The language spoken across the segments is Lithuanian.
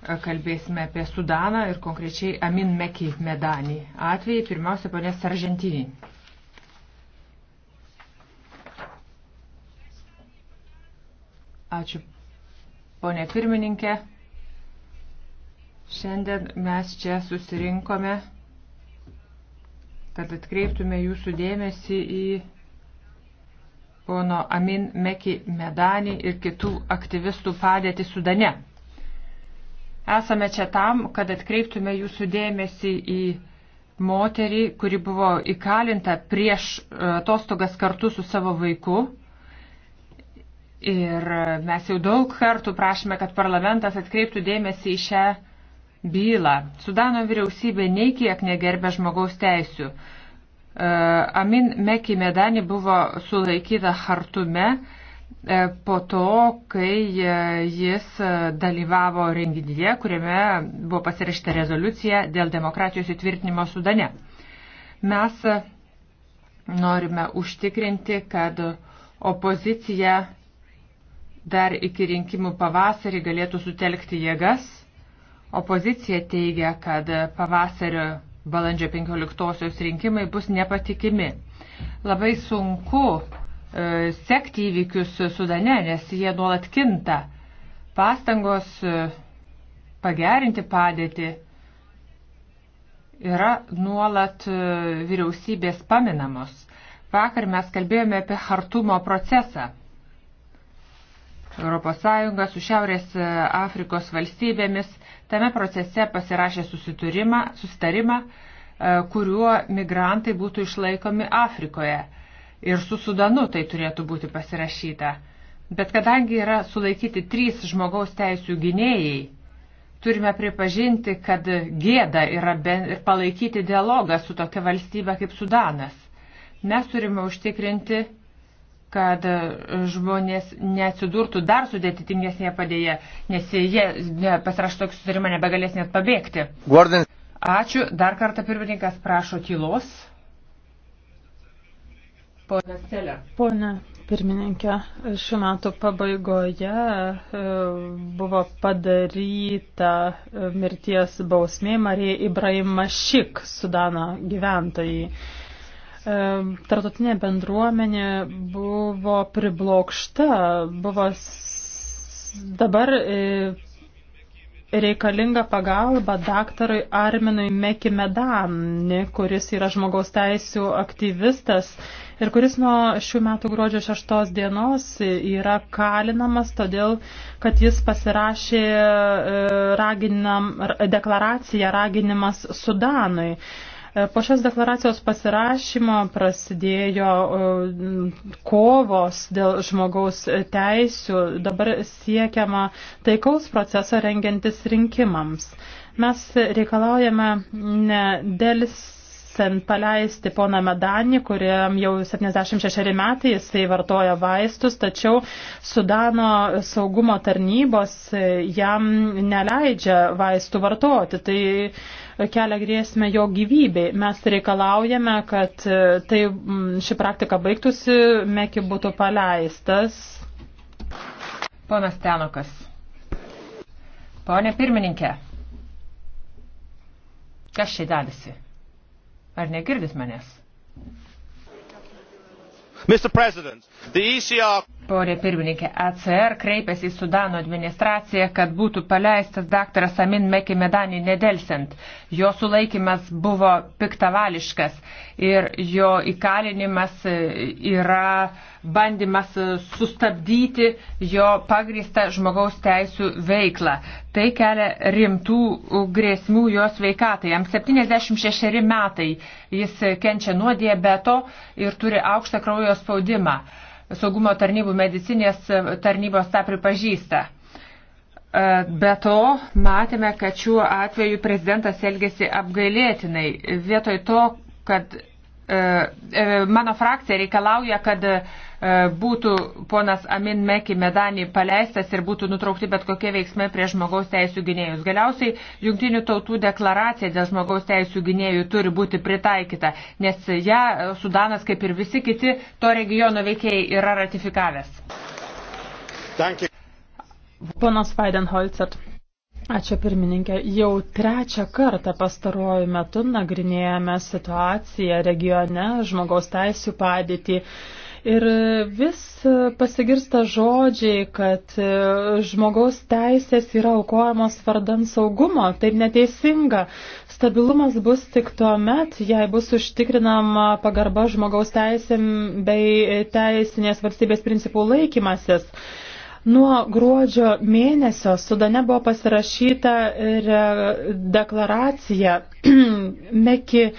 kalbėsime apie Sudaną ir konkrečiai Amin Meki Medanį. Atvejai pirmiausia ponės Sargentinį. Ačiū, ponė pirmininkė. Šiandien mes čia susirinkome, kad atkreiptume jūsų dėmesį į pono Amin Meki Medanį ir kitų aktyvistų padėtį Sudane. Esame čia tam, kad atkreiptume jūsų dėmesį į moterį, kuri buvo įkalinta prieš e, atostogas kartu su savo vaiku. Ir e, mes jau daug kartų prašome, kad parlamentas atkreiptų dėmesį į šią bylą. Sudano vyriausybė nei kiek negerbė žmogaus teisių. E, Amin Meki Medani buvo sulaikyta Hartume E, po to, kai e, jis dalyvavo renginyje, kuriame buvo pasirašyta rezoliucija dėl demokratijos įtvirtinimo Sudane. Mes norime užtikrinti, kad opozicija dar iki rinkimų pavasarį galėtų sutelkti jėgas. Opozicija teigia, kad pavasario balandžio 15-osios rinkimai bus nepatikimi. Labai sunku E, sekti įvykius Sudane, nes jie nuolat kinta. Pastangos e, pagerinti padėtį yra nuolat e, vyriausybės paminamos. Vakar mes kalbėjome apie hartumo procesą. ES su Šiaurės Afrikos valstybėmis tame procese pasirašė susitarimą, kuriuo migrantai būtų išlaikomi Afrikoje ir su Sudanu tai turėtų būti pasirašyta. Bet kadangi yra sulaikyti trys žmogaus teisų gynėjai, turime pripažinti, kad gėda yra ir palaikyti dialogą su tokia valstybė kaip Sudanas. Mes turime užtikrinti, kad žmonės neatsidurtų dar sudėtingesnėje padėje, nes jie pasirašo tokį susitarimą nebegalės net pabėgti. Gordon. Ačiū. Dar kartą pirmininkas prašo tylos. Pone Stelė. Pone pirmininkė, šiuo metu pabaigoje e, buvo padaryta e, mirties bausmė Marija Ibrahima Šik, Sudano gyventojai. E, Tartutinė bendruomenė buvo priblokšta, buvo dabar reikalinga pagalba daktarui Arminui Mekimedani, kuris yra žmogaus teisų aktyvistas ir kuris nuo šių metų gruodžio 6 dienos yra kalinamas, todėl, kad jis pasirašė e, raginam, deklaraciją raginimas Sudanui. E, po šios deklaracijos pasirašymo prasidėjo e, kovos dėl žmogaus teisių, dabar siekiama taikaus proceso rengiantis rinkimams. Mes reikalaujame nedėlis Jansen paleisti poną Medanį, kuriam jau 76 metai jisai vartoja vaistus, tačiau Sudano saugumo tarnybos e, jam neleidžia vaistų vartoti. Tai kelia grėsmę jo gyvybei. Mes reikalaujame, kad e, tai, ši praktika baigtųsi, Meki būtų paleistas. Ponas Tenokas. Pone pirmininkė. Kas čia dedasi? Ar negirdis manęs? Mr. President, the ECR Porė pirmininkė ACR kreipėsi į Sudano administraciją, kad būtų paleistas dr. Samin Mekimedani nedelsiant. Jo sulaikimas buvo piktavališkas ir jo įkalinimas e, yra bandymas sustabdyti jo pagrįstą žmogaus teisų veiklą. Tai kelia rimtų grėsmių jos veikatai. Jam 76 metai jis kenčia nuo diabeto ir turi aukštą kraujo spaudimą saugumo tarnybų medicinės tarnybos tą pripažįsta. E, be to, matėme, kad šiuo atveju prezidentas elgėsi apgailėtinai. Vietoj to, kad e, e, mano frakcija reikalauja, kad E, būtų ponas Amin Meki Medanį paleistas ir būtų nutraukti bet kokie veiksmai prie žmogaus teisų gynėjus. Galiausiai Junktinių tautų deklaracija dėl žmogaus teisų gynėjų turi būti pritaikyta, nes ją Sudanas, kaip ir visi kiti, to regiono veikėjai yra ratifikavęs. Dankį. Ponas Weidenholzert. Ačiū pirmininkė. Jau trečią kartą pastaruoju metu nagrinėjame situaciją regione, žmogaus teisų padėtį. Ir vis pasigirsta žodžiai, kad e, žmogaus teisės yra aukojamos vardan saugumo. Taip neteisinga. Stabilumas bus tik tuo met, jei bus užtikrinama pagarba žmogaus teisėm bei teisinės valstybės principų laikymasis. Nuo gruodžio mėnesio Sudane buvo pasirašyta deklaracija Meki e,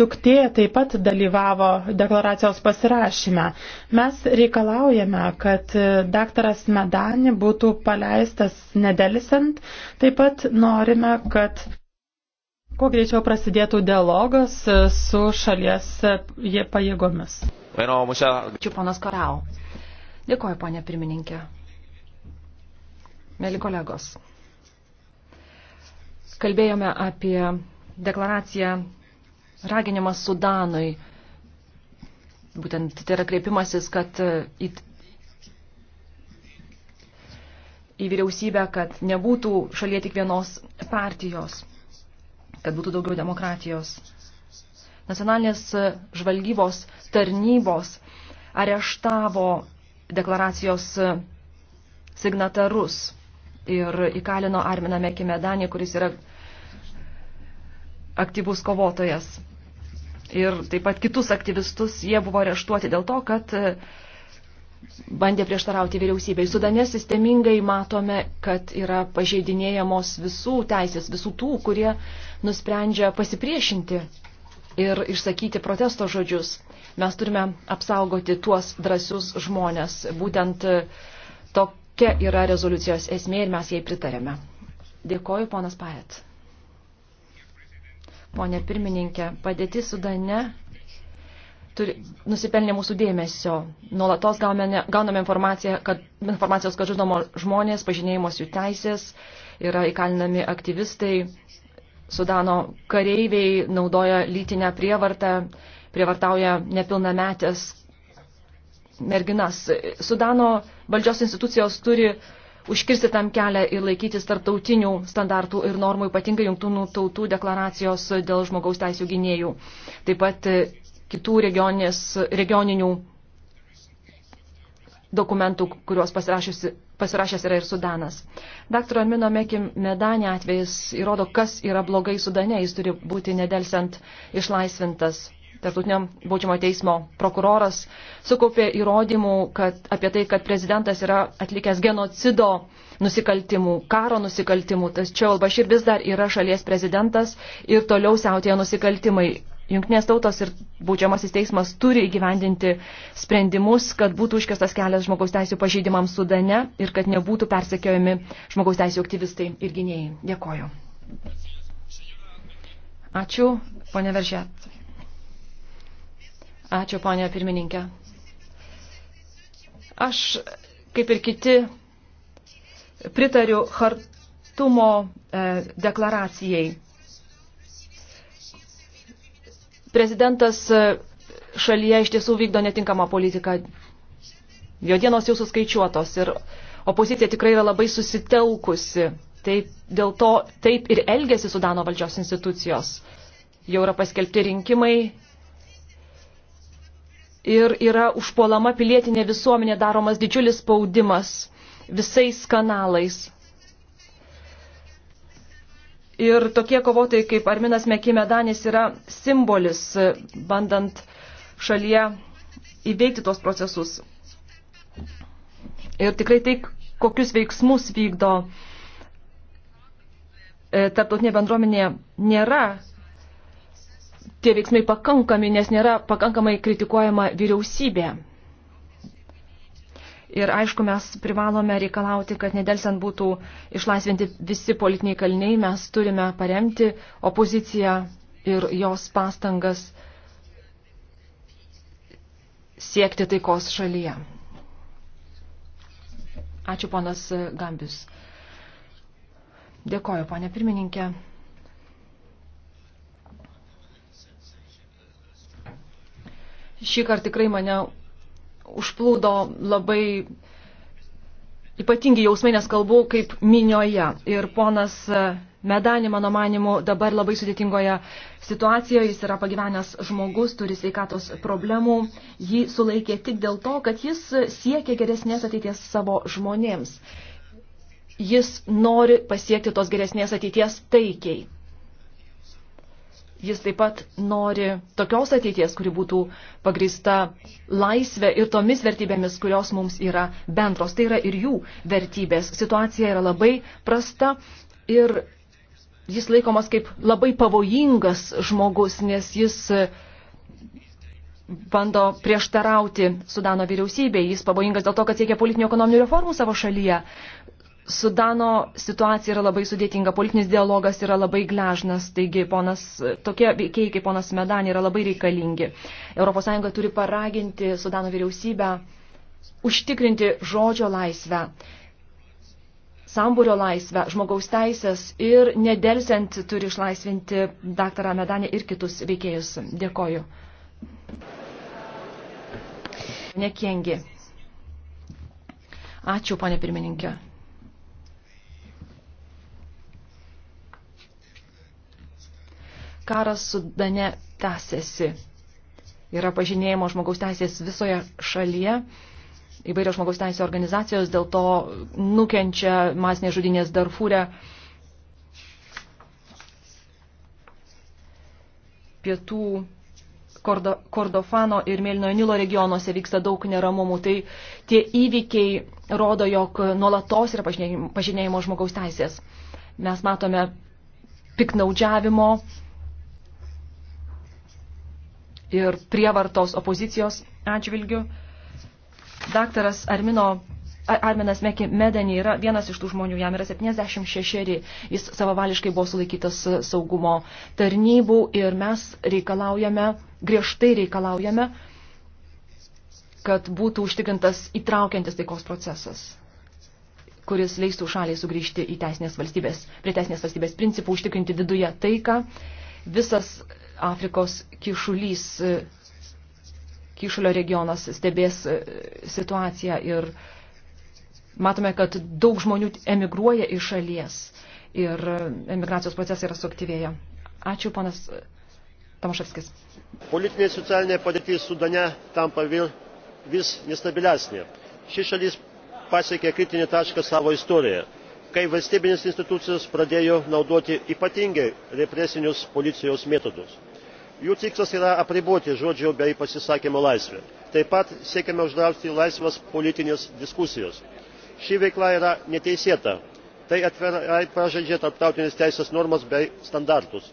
duktė taip pat dalyvavo deklaracijos pasirašyme. Mes reikalaujame, kad e, daktaras Medani būtų paleistas nedelisant. Taip pat norime, kad kuo greičiau prasidėtų dialogas e, su šalies pajėgomis. Ačiū, ponas Korau. Dėkuoju, ponė pirmininkė. Mėly kolegos, kalbėjome apie deklaracija raginimas Sudanui. Būtent tai yra kreipimasis, kad e, į, į vyriausybę, kad nebūtų šalyje tik vienos partijos, kad būtų daugiau demokratijos. Nacionalinės e, žvalgybos tarnybos areštavo deklaracijos e, signatarus ir įkalino Arminą Mekimedanį, kuris yra aktyvus kovotojas. Ir taip pat kitus aktyvistus jie buvo areštuoti dėl to, kad e, bandė prieštarauti vyriausybei. Sudane sistemingai matome, kad yra pažeidinėjamos visų teisės, visų tų, kurie nusprendžia pasipriešinti ir išsakyti protesto žodžius. Mes turime apsaugoti tuos drąsius žmonės. Būtent e, tokia yra rezoliucijos esmė ir mes jai pritarėme. Dėkoju, ponas Paet ponė pirmininkė. Padėtis Sudane turi, nusipelnė mūsų dėmesio. Nuolatos gauname, gauname informaciją, kad, informacijos, kad žudomo žmonės, pažinėjimos jų teisės, yra įkalinami aktyvistai, Sudano kareiviai naudoja lytinę prievartą, prievartauja nepilnametės merginas. Sudano valdžios institucijos turi užkirsti tam kelią ir laikytis tarptautinių standartų ir normų, ypatingai jungtinių tautų deklaracijos dėl žmogaus teisų gynėjų. Taip pat e, kitų regionės, regioninių dokumentų, kuriuos pasirašęs yra ir Sudanas. Dr. Amino Mekim Medanė atvejis įrodo, kas yra blogai Sudane, jis turi būti nedelsiant išlaisvintas tarptautinio baudžiamo teismo prokuroras sukaupė įrodymų kad, apie tai, kad prezidentas yra atlikęs genocido nusikaltimų, karo nusikaltimų, tačiau Albašir vis dar yra šalies prezidentas ir toliau siautėja nusikaltimai. Junktinės tautos ir būdžiamasis teismas turi įgyvendinti sprendimus, kad būtų užkestas kelias žmogaus teisų pažeidimams Sudane ir kad nebūtų persekiojami žmogaus teisų aktyvistai ir gynėjai. Dėkoju. Ačiū, ponė Veržėt. Ačiū, ponė pirmininkė. Aš, kaip ir kiti, pritariu Hartumo e, deklaracijai. Prezidentas e, šalyje iš tiesų vykdo netinkamą politiką. Jo dienos jau suskaičiuotos ir opozicija tikrai yra labai susitelkusi. Tai dėl to taip ir elgesi Sudano valdžios institucijos. Jau yra paskelbti rinkimai, ir yra užpuolama pilietinė visuomenė, daromas didžiulis spaudimas visais kanalais. Ir tokie kovotojai kaip Arminas Mekimedanis yra simbolis, bandant šalyje įveikti tos procesus. Ir tikrai tai, kokius veiksmus vykdo e, tarptautinė bendruomenė, nėra tie veiksmai pakankami, nes nėra pakankamai kritikuojama vyriausybė. Ir aišku, mes privalome reikalauti, kad nedelsiant būtų išlaisvinti visi politiniai kaliniai, mes turime paremti opoziciją ir jos pastangas siekti taikos šalyje. Ačiū ponas Gambius. Dėkoju, ponė pirmininkė. šį kartą tikrai mane užplūdo labai ypatingi jausmai, nes kalbu kaip minioje. Ir ponas Medani, mano manimu, dabar labai sudėtingoje situacijoje, jis yra pagyvenęs žmogus, turi sveikatos problemų, jį sulaikė tik dėl to, kad jis siekia geresnės ateities savo žmonėms. Jis nori pasiekti tos geresnės ateities taikiai. Jis taip pat nori tokios ateities, kuri būtų pagrįsta laisvė ir tomis vertybėmis, kurios mums yra bendros. Tai yra ir jų vertybės. Situacija yra labai prasta ir jis laikomas kaip labai pavojingas žmogus, nes jis e, bando prieštarauti Sudano vyriausybei. Jis pavojingas dėl to, kad siekia politinių ekonominių reformų savo šalyje. Sudano situacija yra labai sudėtinga, politinis dialogas yra labai gležnas, taigi ponas, tokie veikėjai kaip ponas Medan yra labai reikalingi. ES turi paraginti Sudano vyriausybę užtikrinti žodžio laisvę, sambūrio laisvę, žmogaus teisės ir nedelsiant turi išlaisvinti daktarą Medanį ir kitus veikėjus. Dėkoju. Nekengi. Ačiū, ponė pirmininkė. karas Sudane tęsiasi. Yra pažinėjimo žmogaus teisės visoje šalyje. Įvairios žmogaus teisės organizacijos dėl to nukenčia masinės žudinės Darfūrė. Pietų Kordo, Kordofano ir Mėlynojo Nilo regionuose vyksta daug neramumų. Tai tie įvykiai rodo, jog nuolatos yra pažinėjimo žmogaus teisės. Mes matome piknaudžiavimo ir prievartos opozicijos atžvilgių. Daktaras Armino Arminas Meki Medenį yra vienas iš tų žmonių, jam yra 76, jis savavališkai buvo sulaikytas e, saugumo tarnybų ir mes reikalaujame, griežtai reikalaujame, kad būtų užtikrintas įtraukiantis taikos procesas kuris leistų šaliai sugrįžti į teisinės valstybės, prie teisinės valstybės principų, užtikrinti viduje taiką visas Afrikos kišulys, e, kišulio regionas stebės e, situaciją ir matome, kad daug žmonių emigruoja iš šalies ir e, emigracijos procesai yra suaktyvėję. Ačiū, ponas Tomaševskis. Politinė ir socialinė padėtis Sudane tampa vis nestabilesnė. Ši šalis pasiekė kritinį tašką savo istorijoje kai valstybinės institucijos pradėjo naudoti ypatingai represinius policijos metodus. jų tikslas yra apriboti žodžio bei pasisakymo laisvę taip pat siekiama uždrausti laisvas politines diskusijas. ši veikla yra neteisėta tai atvirai pažeidžia tarptautinės teisės normas bei standartus.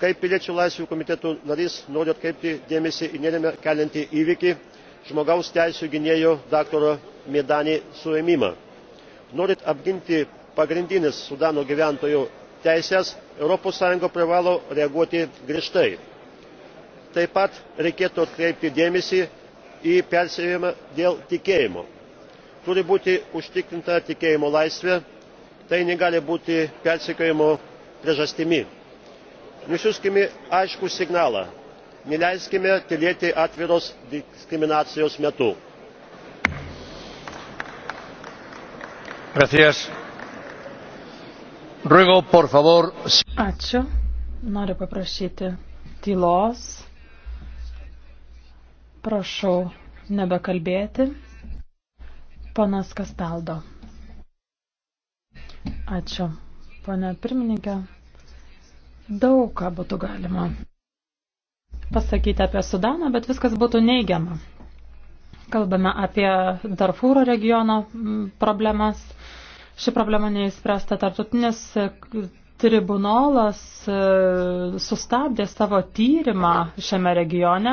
kaip piliečių laisvių komiteto narys noriu atkreipti dėmesį į nerimą keliantį įvykį žmogaus teisių gynėjo dr. medani suėmimą. norint apginti pagrindinis sudano gyventojų teises europos sąjunga privalo reaguoti griežtai. taip pat reikėtų atkreipti dėmesį į persekiojimą dėl tikėjimo. turi būti užtikrinta tikėjimo laisvė tai negali būti persekiojimo priežastimi. nusiųskime aiškų signalą neleiskime tylėti atviros diskriminacijos metu. Ruego, por favor. Ačiū. Noriu paprašyti tylos. Prašau nebekalbėti. Ponas Kastaldo. Ačiū, ponė pirmininkė. Daug ką būtų galima pasakyti apie Sudaną, bet viskas būtų neigiama. Kalbame apie Darfūro regiono problemas, ši problema neįspręsta. Tartutinis tribunolas e, sustabdė savo tyrimą šiame regione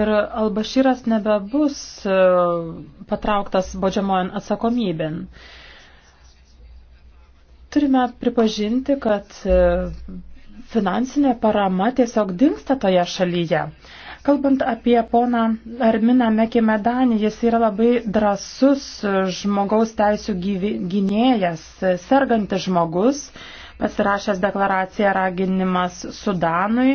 ir Albašyras nebebus e, patrauktas baudžiamojant atsakomybėn. Turime pripažinti, kad e, finansinė parama tiesiog dinksta toje šalyje. Kalbant apie poną Arminą Mekimedanį, jis yra labai drasus žmogaus teisų gynėjas, sergantis žmogus, pasirašęs deklaraciją raginimas Sudanui.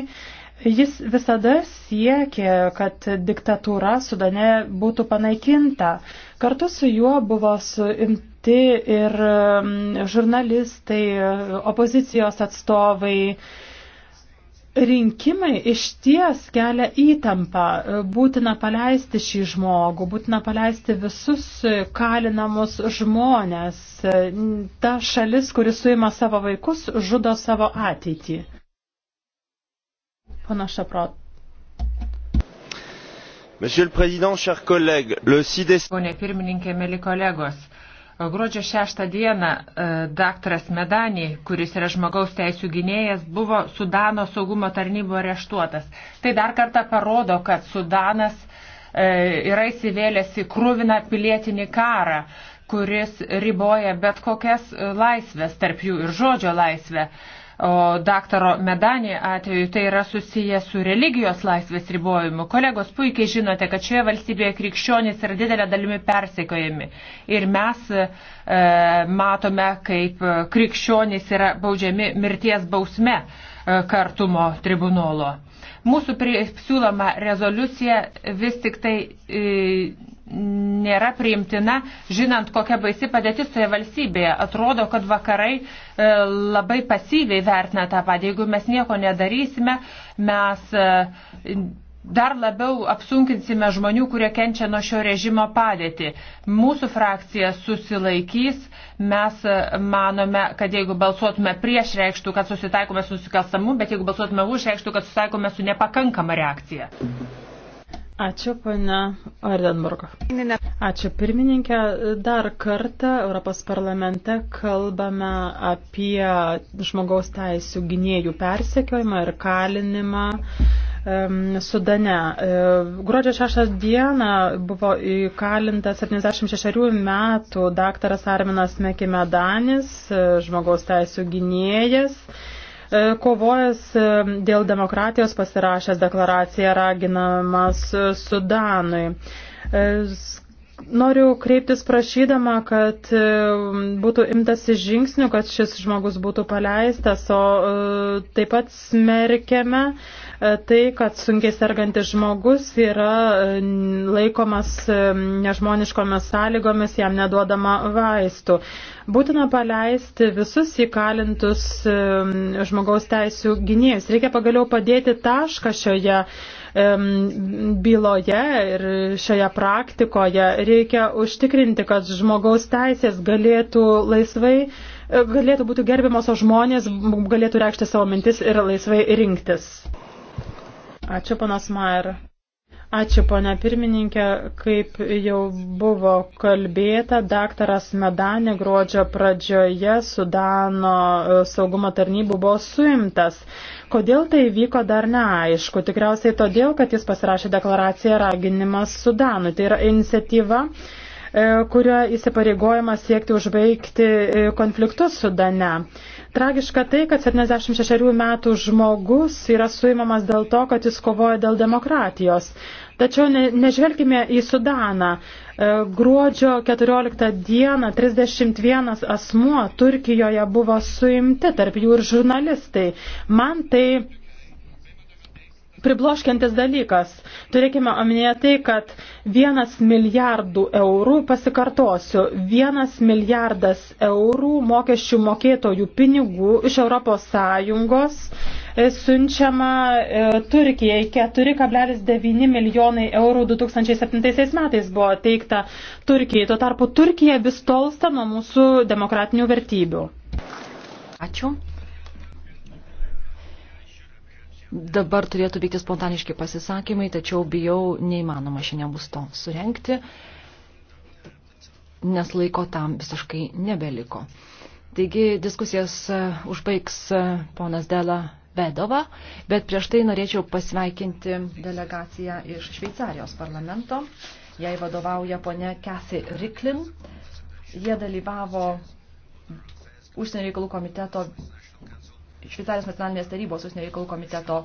Jis visada siekė, kad diktatūra Sudane būtų panaikinta. Kartu su juo buvo suimti ir mm, žurnalistai, opozicijos atstovai Rinkimai iš ties kelia įtampą. Būtina paleisti šį žmogų, būtina paleisti visus kalinamus žmonės. Ta šalis, kuris suima savo vaikus, žudo savo ateitį. Pana Šaprot. Monsieur le Président, chers collègues, le 6 décembre. Gruodžio 6 dieną e, daktaras Medani, kuris yra žmogaus teisų gynėjas, buvo Sudano saugumo tarnybo areštuotas. Tai dar kartą parodo, kad Sudanas e, yra įsivėlęs į krūviną pilietinį karą, kuris riboja bet kokias e, laisvės, tarp jų ir žodžio laisvę. O daktaro Medanį atveju tai yra susiję su religijos laisvės ribojimu. Kolegos, puikiai žinote, kad šioje valstybėje krikščionys yra didelė dalimi persekojami. Ir mes e, matome, kaip krikščionys yra baudžiami mirties bausme e, kartumo tribunolo. Mūsų siūloma rezoliucija vis tik tai. E, nėra priimtina, žinant, kokia baisi padėtis toje valstybėje. Atrodo, kad vakarai e, labai pasyviai vertina tą padėtį. Jeigu mes nieko nedarysime, mes e, dar labiau apsunkinsime žmonių, kurie kenčia nuo šio režimo padėtį. Mūsų frakcija susilaikys, mes e, manome, kad jeigu balsuotume prieš reikštų, kad susitaikome su nusikalstamu, bet jeigu balsuotume už reikštų, kad susitaikome su nepakankama reakcija. Ačiū, pane Ardenburgo. Ačiū, pirmininkė. Dar kartą Europos parlamente kalbame apie žmogaus teisų gynėjų persekiojimą ir kalinimą. Sudane. E, gruodžio 6 dieną buvo įkalintas 76 metų daktaras Arminas Mekimedanis, e, žmogaus teisų gynėjas. E, kovojęs e, dėl demokratijos pasirašęs deklaraciją raginamas e, Sudanui Noriu kreiptis prašydama, kad e, būtų imtasi žingsnių, kad šis žmogus būtų paleistas, o e, taip pat smerkiame e, tai, kad sunkiai sergantis žmogus yra laikomas nežmoniškomis sąlygomis, jam neduodama vaistų. Būtina paleisti visus įkalintus žmogaus teisų gynėjus. Reikia pagaliau padėti tašką šioje byloje ir šioje praktikoje reikia užtikrinti, kad žmogaus teisės galėtų laisvai, e, galėtų būti gerbiamos, o žmonės galėtų reikšti savo mintis ir laisvai rinktis. Ačiū, panas Mair. Ačiū, ponia pirmininkė. Kaip jau buvo kalbėta, daktaras Medanė gruodžio pradžioje Sudano e, saugumo tarnybų buvo suimtas. Kodėl tai vyko dar neaišku. Tikriausiai todėl, kad jis pasirašė deklaraciją raginimas Sudanui. Tai yra iniciatyva e, kurio įsipareigojama siekti užbaigti e, konfliktus Sudane. Tragiška tai, kad 76 metų žmogus yra suimamas dėl to, kad jis kovoja dėl demokratijos. Tačiau ne, nežvelgime į Sudaną. E, gruodžio 14 dieną 31 asmuo Turkijoje buvo suimti, tarp jų ir žurnalistai. Man tai pribloškiantis dalykas. Turėkime omenyje tai, kad vienas milijardų eurų, pasikartosiu, vienas milijardas eurų mokesčių mokėtojų pinigų iš ES e, siunčiama e, Turkijai 4,9 milijonai eurų 2007 metais buvo teikta Turkijai. Tuo tarpu Turkija vis tolsta nuo mūsų demokratinių vertybių. Ačiū. Dabar turėtų vykti spontaniški pasisakymai, tačiau bijau, neįmanoma šiandien bus to surenkti, nes laiko tam visiškai nebeliko. Taigi diskusijas e, užbaigs e, ponas Dela Vedova, bet prieš tai norėčiau pasveikinti delegaciją iš Šveicarijos parlamento. Jai vadovauja ponė Kathy Riklin. Jie dalyvavo užsienio reikalų komiteto Šveicarijos nacionalinės tarybos užsienio reikalų komiteto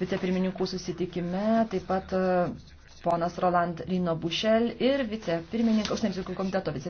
vicepirmininkų susitikime, taip pat e, ponas Roland Lino Bušel ir vicepirmininkas užsienio reikalų komiteto vicepirmininkas.